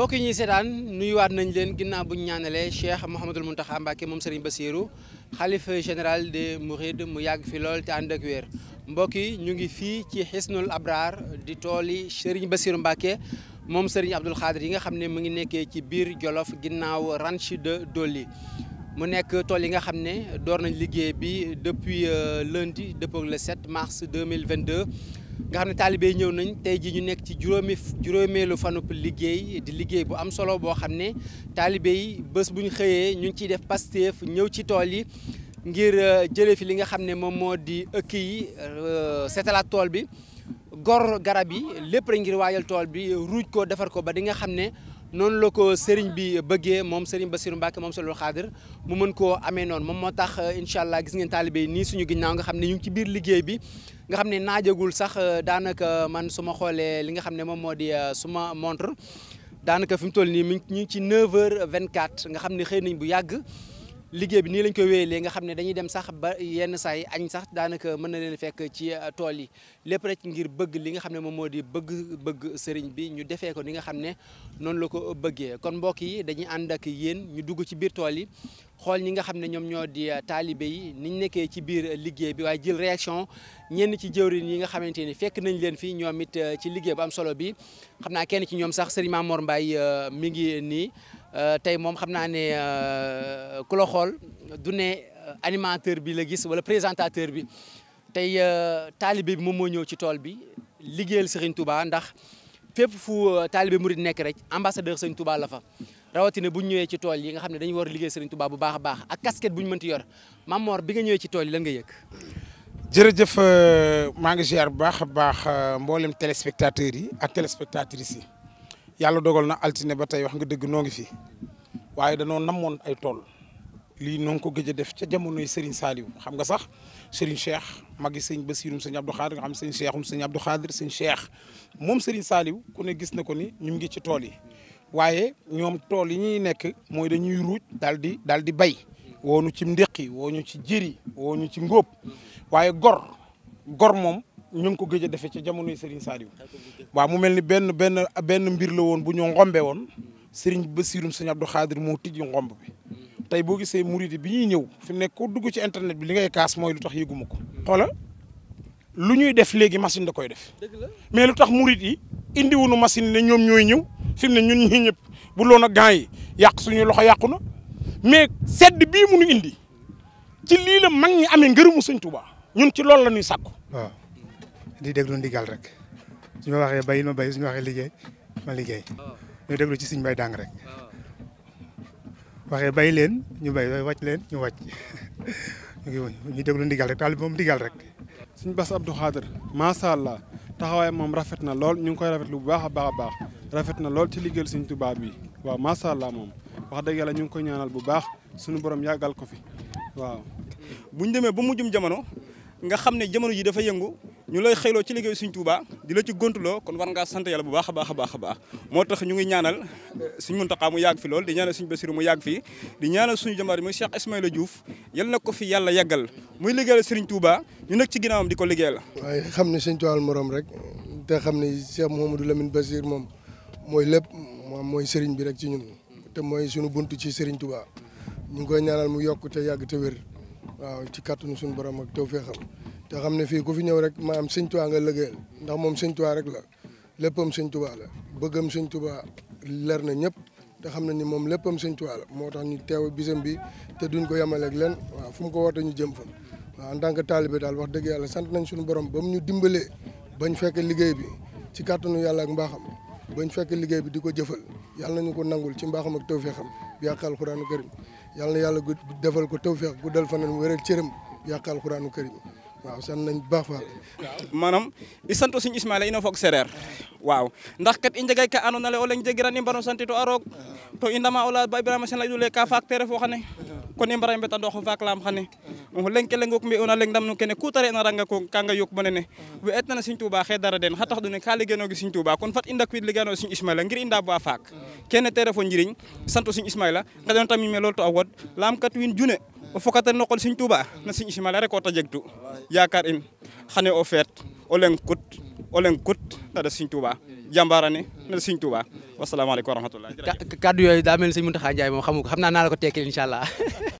mbokk yi ñuy seetaan nuyuwaat nañ leen ginnaaw bu ñu ñaanalee Cheikh Mouhamadul Mountakha Mbacké moom Serigne Bassirou xalifa général des Mourides mu yàgg fi lool te ànd ak wér mbokk yi ñu ngi fii ci Hisnul Abrar di tooli Serigne Bassirou Mbacké moom Serigne Abdoul Khadir yi nga xam ne mu ngi nekkee ci biir Jolof ginnaaw ranch de Dolly mu nekk tool yi nga xam ne door nañ liggéey bi depuis euh, lundi depuis le 7 mars 2022 nga xam ne taalibe ñëw nañ tey ji ñu nekk ci juróomi juróomeelu fanu liggéey di liggéey bu am solo boo xam ne taalibe yi bés bu ñu xëyee ñu ngi ciy def Pastef ñëw ci tool yi ngir euh, jële fi li nga xam ne moom moo di ëkk yi euh, setalaat tool bi gor garab yi lépp rek ngir waajal tool bi ruuj ko defar ko ba di nga xam ne noonu la ko sëriñ bi bëggee moom sëriñ Bassirou Mbacke moom solo Xaadir mu mën koo amee noonu moom moo tax euh, incha allah gis ngeen taalibe yi nii suñu ginnaaw nga xam ne ñu ngi ci biir liggéey bi nga xam ne naajagul sax euh, daanaka man su ma xoolee li nga xam ne moom moo di euh, suma montre daanaka fi mu toll nii mi ñu ci ci 9 vingt 24 nga xam ne xëy nañ bu yàgg. liggéey bi nii lañ ko koy wéyalee nga xam ne dañuy dem sax ba yenn saa yi añ sax daanaka mën na leen fekk ci euh, tool yi lépp rek ngir bëgg li nga xam ne moom moo di bëgg bëgg sëriñ bi ñu defee ko ni nga xam ne noonu la ko bëggee kon mbokk yi dañuy ànd ak yéen ñu dugg ci biir tool yi xool ñi nga xam ne ñoom ñoo di euh, taalibe yi niñ nekkee ci biir euh, liggéey bi waaye jël réaction ñenn ci jëwriñ yi nga xamante ni fekk nañ leen fii ñoom it ci liggéey bu am solo bi xam naa kenn ci ñoom sax sëriñ Mamour Mbaye mi ngi nii Euh, tey moom xam naa ne euh, ku la xool du ne euh, animateur bi la gis wala présentateur bi tey taalibe bi moom moo ñëw ci tool bi liggéeyal Serigne Touba ndax fépp fu taalibe murid nekk rek ambassadeur Serigne Touba la fa. rawatina bu ñu ñëwee ci tool yi nga xam ne dañu war a liggéey Serigne Touba bu baax baax ak casquette bu ñu mënti yor Mame Mor bi nga ñëwee ci tool yi lan nga yëg. jërëjëf maa ngi ziar bu baax a baax mboolem téléspectateurs yi ak téléspectatrices yi. yàlla dogal na altine ba tey wax nga dëgg noo ngi fi waaye danoo namoon ay tool lii noo ngi ko gëj a def ca jamonoy Serigne saaliw xam nga sax Serigne Cheikh magi sëñ Basirum sëñ Abdou Khadir nga sëñ Cheikhum sëñ Abdou Khadir Cheikh moom Serigne saaliw ko ne gis ne ko ni ñu ngi ci tool yi waaye ñoom tool yi ñuy nekk mooy dañuy ruuj dal di daal di bay woonu ci ndéqi wooñu ci jëri wooñu ci ngóob waaye gor gor moom ñu ngi ko gëj a defee ci jamonoy Serigne Saliou waa mu mel ni benn benn benn mbir la woon bu ñu ngombe woon ba Serigne Bassirou Serigne Abdou Khadir moo tijji ngomb bi tey boo gisee murid bi ñuy ñëw fi nekk ko dugg ci internet bi li ngay kaas mooy lu tax yëguma ko xoolal lu ñuy def léegi machine da koy def mais lu tax murid yi indi wunu machine ne ñoom ñooy ñëw fi mu ñun ñii ñëpp bu loon a gants yi yàq suñu loxo yàqu na mais sedd bii mu nu indi ci lii la mag ñi amee ngërëmu Sëñ Tuubaa ñun ci loolu la ñuy sàkku di déglu ndigal rek suñu waxee bay ma bay suñu waxee liggéey liggéey ñu déglu ci suñu bay dàng waxee bay leen ñu bay wàcc leen ñu wàcc ñu déglu ndigal rek taal bi moom ndigal rek. suñu Bass Abdou Khader allah taxawaay moom rafet na lool ñu ngi koy rafetlu bu baax a baax a baax rafet na lool ci liggéeyal suñ tubaab bi waaw macha allah moom wax dëgg yàlla ñu ngi koy ñaanal bu baax suñu borom yàggal ko fi waaw. bu ñu demee ba mujjum jamono nga xam ne jamono ji dafa yëngu. ñu lay xëyloo ci liggéey suñ Touba di la ci gontuloo kon war ngaa sant yàlla bu baax a baax a baax moo tax ñu ngi ñaanal eh, suñ Muntaxa mu yàgg fi loolu di ñaanal suñ Basiru mu yàgg fi di ñaanal suñu jàmbaar muy Cheikh a Diouf yal na ko fi yàlla yàggal muy liggéeyal Serigne Touba ñu nekk ci ginnaawam di ko liggéeyal waaye xam ne sëñ Touba morom rek te xam ne Cheikh Mouhamadou Lamine Basir moom mooy lépp moom mooy Serigne bi rek ci ñun te mooy suñu bunt ci Serigne Touba ñu ngi koy ñaanal mu yokk yàgg te wér waaw ci kàttanu suñu borom ak tawfeexam te xam ne fii ku fi ñëw rek maam sëñ Tuubaa nga liggéeyal ndax moom sëñ Tuubaa rek la léppam sëñ Tuubaa la bëggam sëñ Tuubaa leer na ñëpp te xam ne ni moom léppam sëñ Tuubaa la moo tax ñu teew bisam bi te duñ ko yamaleek len waaw fu mu ko woote ñu jëm fa waaw en tant que taalibe daal wax dëgg yàlla sant nañ suñu borom ba mu ñu dimbalee bañ fekk liggéey bi ci kàttanu yàlla ak mbaaxam bañ fekk liggéey bi di ko jëfal yàlla nañu ko nangul ci mbaaxam ak tawfeexam bi yàq alxuraanu karim yàlla na yàlla defal ko tawfeex guddal fanaan wéral cëram bi yàq alxuraanu karim waaw sant nañ bu baax waaw manam i santo sign ismaila ino fog sereer waaw ndax kat i njegay ka andoona yee o leŋ jegiran i mbar o santito a roog to i ndama o layaa ba Ibrahima Sene layu le ka faak te refo xane kon i mbara mbetandoox o faak laam xane o leŋ ke leŋook mbi'una leŋ ku ta re'na ranga kanga yok bo nene we eetna Serigne Touba xe dara den xa tax ɗune ka liggéeynoogi Serigne Touba kon fat i ndakwiid liggéeyano Serigne Ismaila ngir i ndaaba faak kene te refo njiriñ santo Serigne Ismaila nqeɗon o fokatan no qol Serigne Touba no Serigne simale rek o ta jeg tu yakar in xane o feet o leng kut o leng kut nda da Serigne Touba jambarane nda da Serigne Touba wasalaamaaleykum wa rahmatullah kaddu yooyu daa mel Serigne Mountakha Ndiaye moom xamu xam naa naa la ko tekkil incha allah